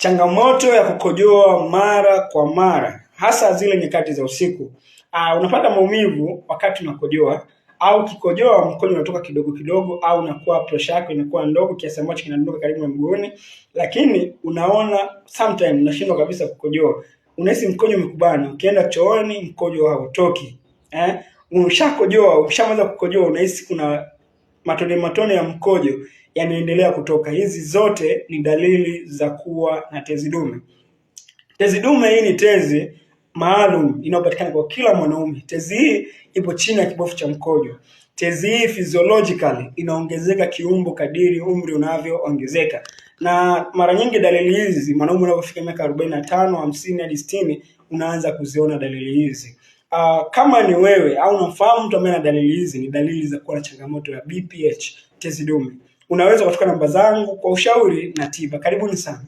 changamoto ya kukojoa mara kwa mara, hasa zile nyakati za usiku. Uh, unapata maumivu wakati unakojoa au kikojoa mkojo unatoka kidogo kidogo, au unakuwa presha yako inakuwa ndogo kiasi ambacho kinadondoka karibu na mguuni, lakini unaona sometimes unashindwa kabisa kukojoa, unahisi mkojo umekubana. Ukienda chooni mkojo hautoki eh? Umeshakojoa, umeshamaliza kukojoa, unahisi kuna matone matone ya mkojo yanaendelea kutoka. Hizi zote ni dalili za kuwa na tezi dume. Tezi dume hii ni tezi maalum inayopatikana kwa kila mwanaume. Tezi hii ipo chini ya kibofu cha mkojo. Tezi hii physiologically inaongezeka kiumbo kadiri umri unavyoongezeka, na mara nyingi dalili hizi mwanaume unapofika miaka arobaini na tano hamsini hadi sitini unaanza kuziona dalili hizi. Uh, kama ni wewe au unamfahamu mtu ambaye ana dalili hizi, ni dalili za kuwa na changamoto ya BPH tezi dume, unaweza kuchukua namba zangu kwa ushauri na tiba. Karibuni sana.